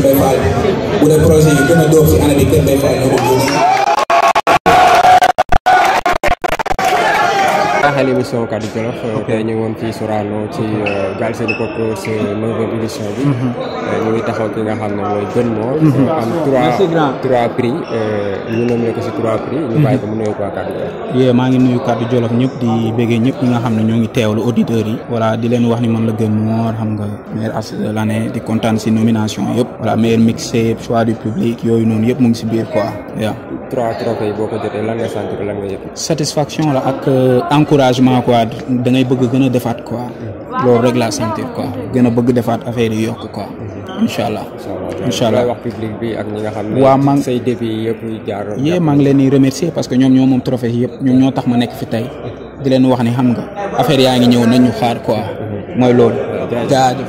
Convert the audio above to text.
Kër Mbaye yi gën a dóor si année bi Kër Mbaye Fall axal émission Kaddu euh, ngi euh, bi mhm. euh, ñu ngi taxaw ki nga xam ne mooy gën moo mhm. am si trois prix ñu bàyyi ko maa ngi nuyu Kaddu Jolof ñëpp di béggee ñëpp nga xam ne ñoo ngi teewlu auditeurs yi voilà di leen wax ni man la gën moo xam nga meilleur artiste de l'année di kontaan si nomination yëpp voilà meilleur mixé choix du public yooyu noonu yëpp mu ngi si biir quoi waaw trois trophées boo ko jotee lan nga sentir lan nga yëpp satisfaction la ak encouragement quoi da ngay bëgg gën a defaat quoi loolu rek laa sentir quoi bëgg defaat affaire yi yokk quoi incha allah. incha allah wax public bi ak ñi nga xam ne. waaw maa ngi say défi yëpp jaar. yee maa ngi leen di parce que ñoom ñoo moom trophée yëpp ñoom ñoo tax ma nekk fi tey di leen wax ni xam nga affaire yaa ngi ñëw nañ ñu xaar mooy loolu. jaajëf